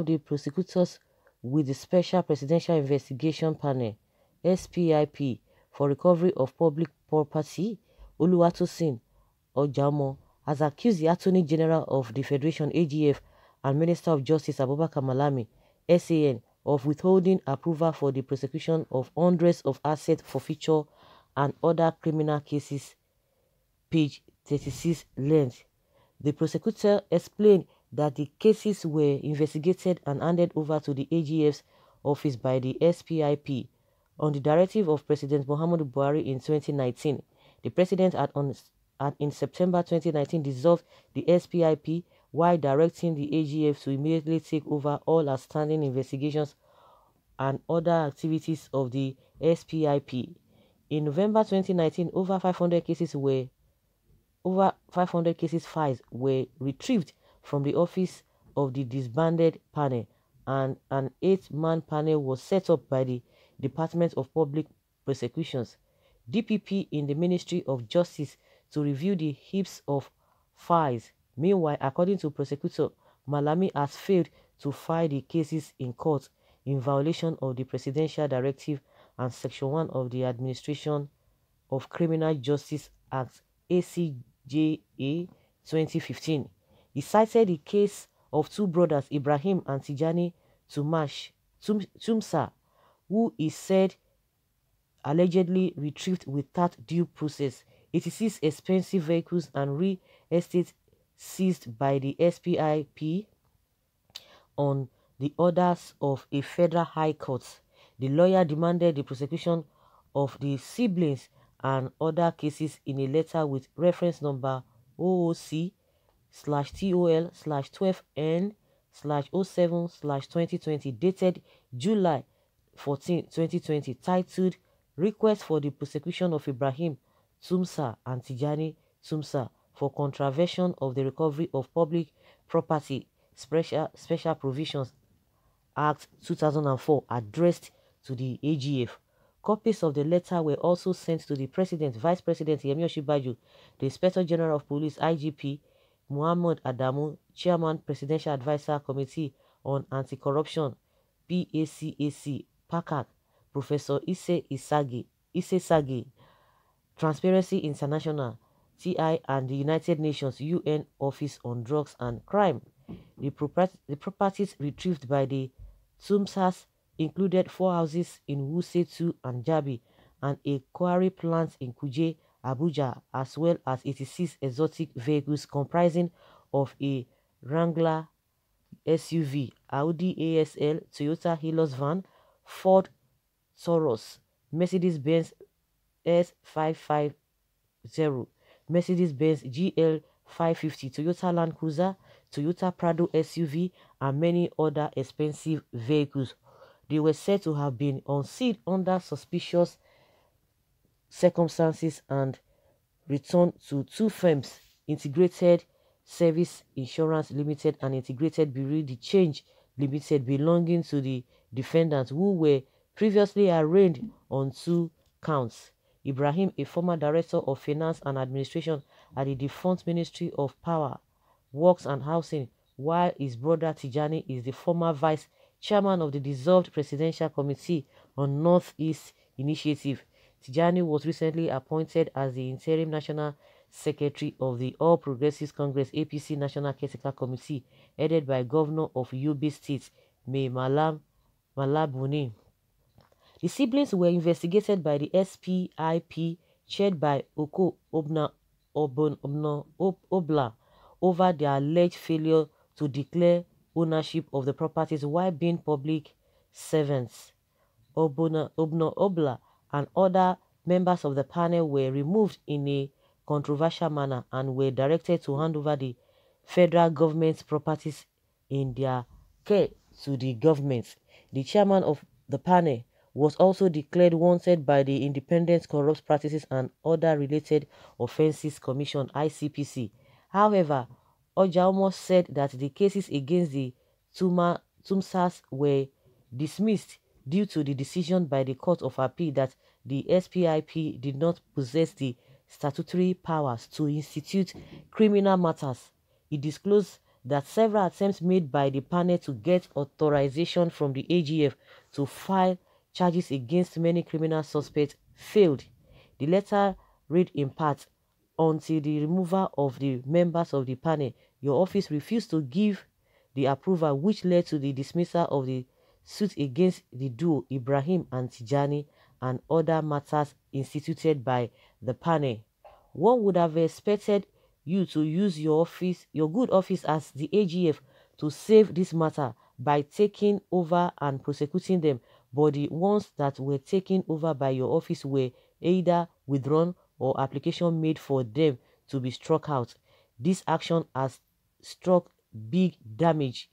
of the prosecutors with the Special Presidential Investigation Panel (SPIP) for Recovery of Public Property, Oluwatosin Ojamo, has accused the Attorney General of the Federation (AGF) and Minister of Justice Abubakar Malami (SAN) of withholding approval for the prosecution of hundreds of asset forfeiture and other criminal cases. Page 36 length. The prosecutor explained that the cases were investigated and handed over to the AGF's office by the SPIP. On the directive of President Muhammadu Buhari in 2019, the president had, on, had in September 2019 dissolved the SPIP while directing the AGF to immediately take over all outstanding investigations and other activities of the SPIP. In November 2019, over 500 cases were over 500 cases files were retrieved from the office of the disbanded panel, and an eight-man panel was set up by the Department of Public Prosecutions (DPP) in the Ministry of Justice to review the heaps of files. Meanwhile, according to prosecutor, Malami has failed to file the cases in court in violation of the Presidential Directive and Section 1 of the Administration of Criminal Justice Act ACJA 2015. He cited the case of two brothers Ibrahim and Tijani Tumash, Tum, Tumsa, who he said allegedly retrieved without due process his expensive vehicles and real estate seized by the SPIP on the orders of a federal high court. The lawyer demanded the prosecution of the siblings and other cases in a letter with reference number OOC slash TOL slash 12N slash 07 slash 2020 dated July 14, 2020 titled Request for the Prosecution of Ibrahim Tumsa and Tijani Tumsa for Contravention of the Recovery of Public Property Special, Special Provisions Act 2004 addressed to the AGF. Copies of the letter were also sent to the President, Vice President Yemi Oshibaju, the Inspector General of Police, IGP, Muhammad Adamu, Chairman, Presidential Advisor Committee on Anti-Corruption (PACAC), PACAC, Professor Ise Isagi, Ise Sagi, Transparency International (TI) and the United Nations UN Office on Drugs and Crime. The, the properties retrieved by the Tumsas included four houses in Wuse 2 and Jabi and a quarry plant in Kuje Abuja, as well as 86 exotic vehicles comprising of a Wrangler SUV, Audi ASL, Toyota Hilux van, Ford Taurus, Mercedes-Benz S550, Mercedes-Benz GL 550, Toyota Land Cruiser, Toyota Prado SUV, and many other expensive vehicles. They were said to have been unsealed under suspicious circumstances and returned to two firms, Integrated Service Insurance Limited and Integrated Bureau Change Limited, belonging to the defendants who were previously arraigned on two counts. Ibrahim, a former director of finance and administration at the defunct Ministry of Power, Works and Housing, while his brother Tijani is the former vice chairman of the dissolved Presidential Committee on Northeast Initiative, Tijani was recently appointed as the interim national secretary of the All Progressives Congress APC National Caretaker Committee, headed by Governor of Yobe State, May Malam Malabuni. The siblings were investigated by the SPIP, chaired by Oko Obna, Obon, Obna, Ob, Obla, over their alleged failure to declare ownership of the properties while being public servants. Obna, Obna Obla and other members of the panel were removed in a controversial manner and were directed to hand over the federal government's properties in their care to the government. The chairman of the panel was also declared wanted by the Independent Corrupt Practices and Other Related Offences Commission (ICPC). However, Ojaomo said that the cases against the Tuma, Tumsas were dismissed due to the decision by the Court of Appeal that the SPIP did not possess the statutory powers to institute criminal matters. it disclosed that several attempts made by the panel to get authorization from the AGF to file charges against many criminal suspects failed. The letter read in part, until the removal of the members of the panel, your office refused to give the approval which led to the dismissal of the suit against the duo Ibrahim and Tijani and other matters instituted by the panel. One would have expected you to use your office, your good office as the AGF to save this matter by taking over and prosecuting them, but the ones that were taken over by your office were either withdrawn or application made for them to be struck out. This action has struck big damage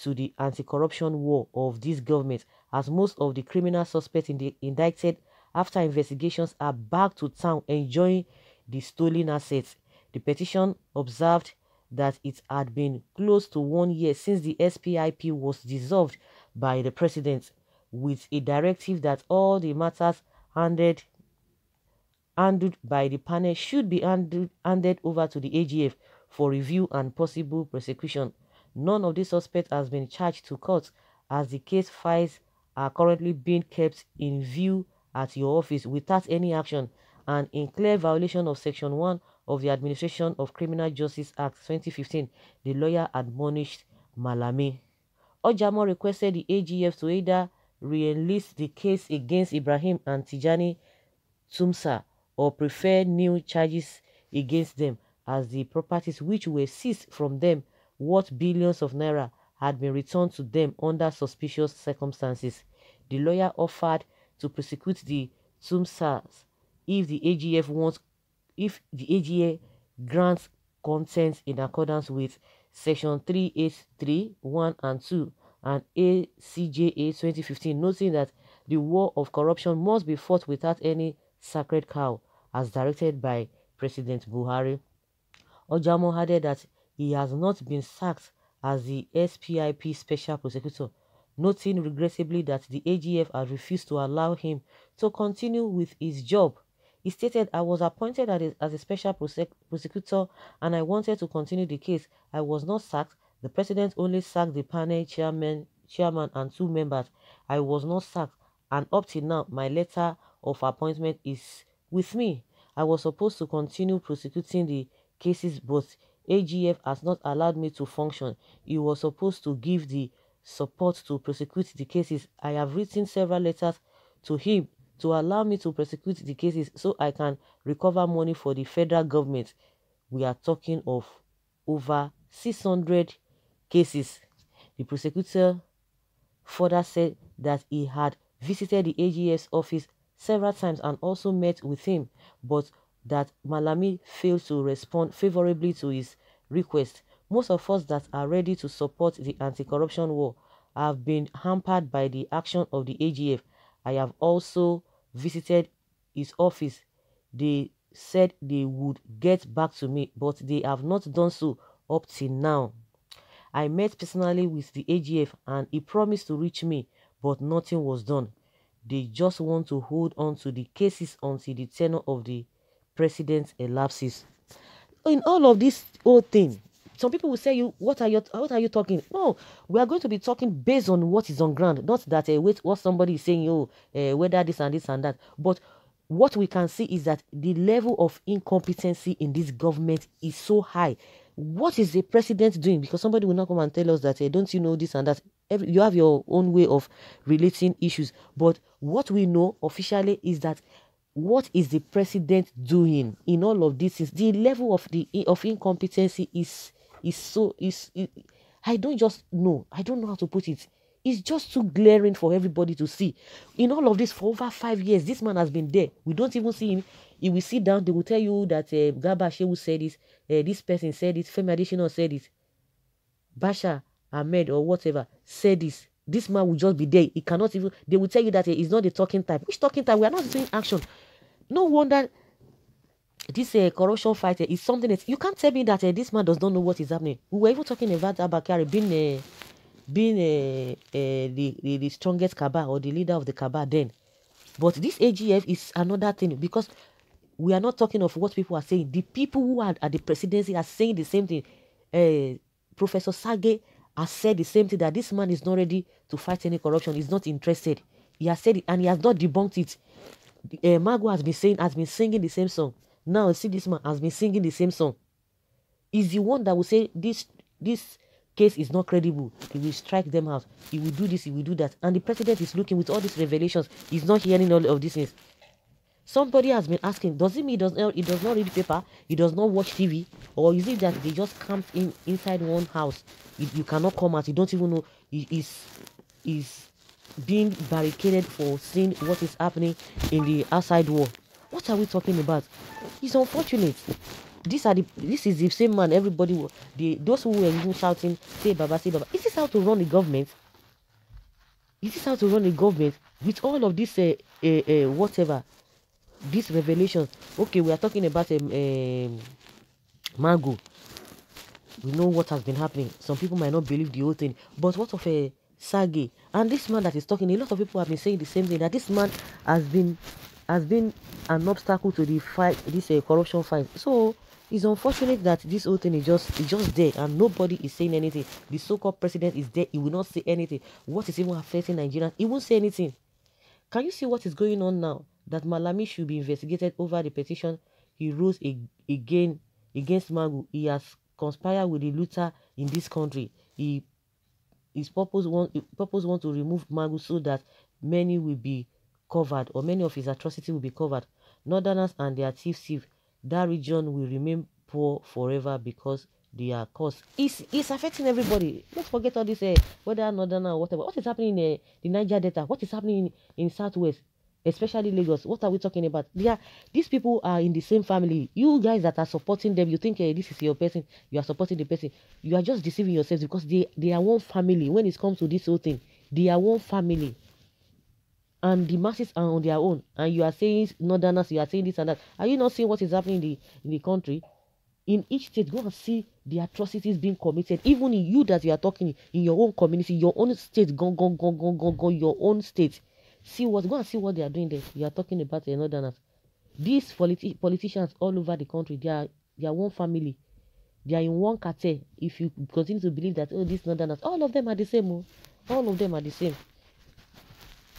to the anti-corruption war of this government as most of the criminal suspects in the indicted after investigations are back to town enjoying the stolen assets. The petition observed that it had been close to one year since the SPIP was dissolved by the president with a directive that all the matters handed handled by the panel should be handed, handed over to the AGF for review and possible prosecution. None of the suspects has been charged to court as the case files are currently being kept in view at your office without any action and in clear violation of Section 1 of the Administration of Criminal Justice Act 2015, the lawyer admonished Malami. Ojamo requested the AGF to either re-enlist the case against Ibrahim and Tijani Tumsa or prefer new charges against them as the properties which were seized from them what billions of naira had been returned to them under suspicious circumstances. The lawyer offered to prosecute the Tumsas if the AGF wants if the AGA grants consent in accordance with section 383 1 and 2 and ACJA 2015 noting that the war of corruption must be fought without any sacred cow as directed by President Buhari. Ojamo added that he has not been sacked as the SPIP special prosecutor, noting regrettably that the AGF had refused to allow him to continue with his job. He stated, I was appointed as a special prosecutor and I wanted to continue the case. I was not sacked. The president only sacked the panel chairman, chairman and two members. I was not sacked. And up till now, my letter of appointment is with me. I was supposed to continue prosecuting the cases, but AGF has not allowed me to function. He was supposed to give the support to prosecute the cases. I have written several letters to him to allow me to prosecute the cases so I can recover money for the federal government. We are talking of over 600 cases. The prosecutor further said that he had visited the AGF's office several times and also met with him, but that Malami failed to respond favorably to his request. Most of us that are ready to support the anti-corruption war have been hampered by the action of the AGF. I have also visited his office. They said they would get back to me, but they have not done so up till now. I met personally with the AGF and he promised to reach me, but nothing was done. They just want to hold on to the cases until the tenure of the president elapses. In all of this whole thing, some people will say you what are you what are you talking no we are going to be talking based on what is on ground not that uh, wait what somebody is saying you uh, eh, whether this and this and that but what we can see is that the level of incompetency in this government is so high what is the president doing because somebody will not come and tell us that eh, don't you know this and that Every, you have your own way of relating issues but what we know officially is that what is the president doing in all of this is the level of the of incompetency is is so is, i don't just know i don't know how to put it it's just too glaring for everybody to see in all of this for over five years this man has been there we don't even see him he will sit down they will tell you that uh, eh, gaba shehu said this. uh, eh, this person said it femi additional said it basha ahmed or whatever said this this man will just be there. He cannot even. They will tell you that eh, is not the talking type. Which talking type? We are not doing action. No wonder this uh, corruption fight uh, is something that you can't tell me that uh, this man does not know what is happening. We were even talking about Abakari being uh, being uh, uh, the, the, the strongest Kaba or the leader of the Kaba then. But this AGF is another thing because we are not talking of what people are saying. The people who are at the presidency are saying the same thing. Uh, Professor Sage has said the same thing that this man is not ready to fight any corruption. He's not interested. He has said it and he has not debunked it uh, eh, Mago has been saying has been singing the same song. Now see this man has been singing the same song. Is the one that will say this this case is not credible. He will strike them out. He will do this. He will do that. And the president is looking with all these revelations. He's not hearing all of these things. Somebody has been asking, does it mean he does not, he does not read paper? He does not watch TV? Or is it that they just camped in inside one house? You, you cannot come out. You don't even know. Is is being barricaded for seeing what is happening in the outside world. What are we talking about? It's unfortunate. These are the this is the same man everybody the those who were even shouting, say Baba, say Baba. Is this how to run the government? Is this how to run the government with all of this uh, uh, uh, whatever? This revelation. Okay, we are talking about a um, um, mango. We know what has been happening. Some people might not believe the whole thing, but what of a Sagi. And this man that is talking, a lot of people have been saying the same thing, that this man has been has been an obstacle to the fight, this uh, corruption fight. So, it's unfortunate that this whole thing is just is just there and nobody is saying anything. The so-called president is there. He will not say anything. What is even affecting Nigerians? He won't say anything. Can you see what is going on now? That Malami should be investigated over the petition he rose again against Magu. He has conspired with the looter in this country. He his purpose want, purpose want to remove Magu so that many will be covered or many of his atrocities will be covered. Northerners and their chief chief, that region will remain poor forever because they are caused. It's, it's affecting everybody. Let's forget all this, uh, whether northern or whatever. What is happening in uh, the Niger Delta? What is happening in, in Southwest? especially Lagos. What are we talking about? these people are in the same family. You guys that are supporting them, you think hey, eh, this is your person, you are supporting the person. You are just deceiving yourselves because they, they are one family. When it comes to this whole thing, they are one family. And the masses are on their own. And you are saying northerners, you are saying this and that. Are you not seeing what is happening in the, in the country? In each state, go and see the atrocities being committed. Even in you that you are talking in your own community, your own state, go go go go go go your own state See what go and see what they are doing there. You are talking about the northerners. These politi- politicians all over the country, they are they are one family. They are in one cartel. If you continue to believe that oh these northerners, all of them are the same. Oh. All of them are the same.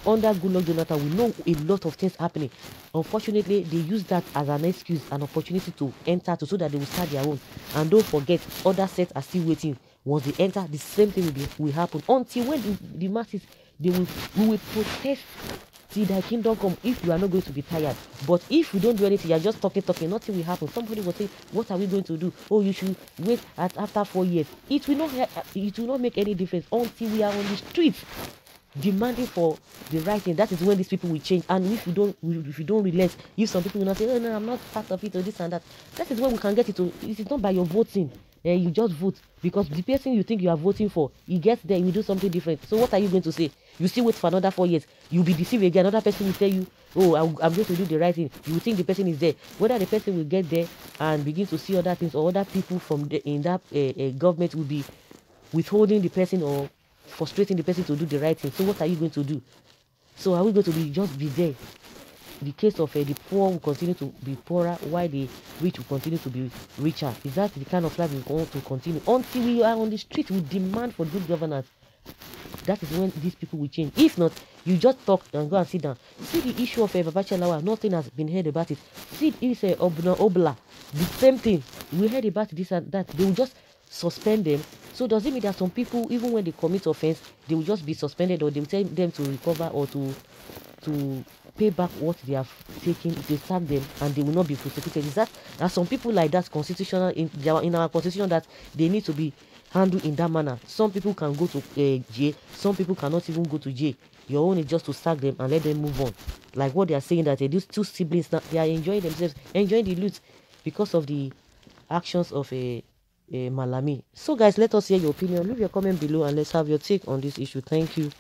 Under Goodluck Jonathan, we know a lot of things happening. Unfortunately, they use that as an excuse, an opportunity to enter to so that they will start their own. And don't forget, other sets are still waiting. Once they enter, the same thing will, be, will happen until when the, the masses they will, we will protest See, thy kingdom come if you are not going to be tired. But if you don't do anything, you're just talking, talking, nothing will happen. Somebody will say, What are we going to do? Oh, you should wait at after four years. It will not it will not make any difference until we are on the streets demanding for the right thing. That is when these people will change. And if you don't if you don't relent, if some people will not say, Oh no, I'm not part of it or this and that. That is when we can get it to it is not by your voting. Eh, you just vote because the person you think you are voting for, he gets there, he will do something different. So what are you going to say? You still wait for another four years. You'll be deceived again. Another person will tell you, oh, I'm, going to do the right thing. You think the person is there. Whether the person will get there and begin to see other things or other people from the, in that uh, uh, government will be withholding the person or frustrating the person to do the right thing. So what are you going to do? So are we going to be just be there the case of uh, the poor will continue to be poorer while the rich will continue to be richer. Is that the kind of life we want to continue? Until we are on the street, we demand for good governance. That is when these people will change. If not, you just talk and go and sit down. See the issue of uh, eh, Babacha Lawa. Nothing has been heard about it. See, it's a uh, eh, Obna Obla. The same thing. We heard about this and that. They will just suspend them. So does it mean that some people, even when they commit offense, they will just be suspended or they will tell them to recover or to to pay back what they have taken if they sack them and they will not be prosecuted. Is that there are some people like that constitutional in, in our constitution that they need to be handled in that manner. Some people can go to uh, jail, some people cannot even go to jail. Your own is just to sack them and let them move on. Like what they are saying that uh, these two siblings now they are enjoying themselves, enjoying the loot because of the actions of a. Uh, eh, uh, Malami. So guys, let us hear your opinion. Leave your comment below and let's have your take on this issue. Thank you.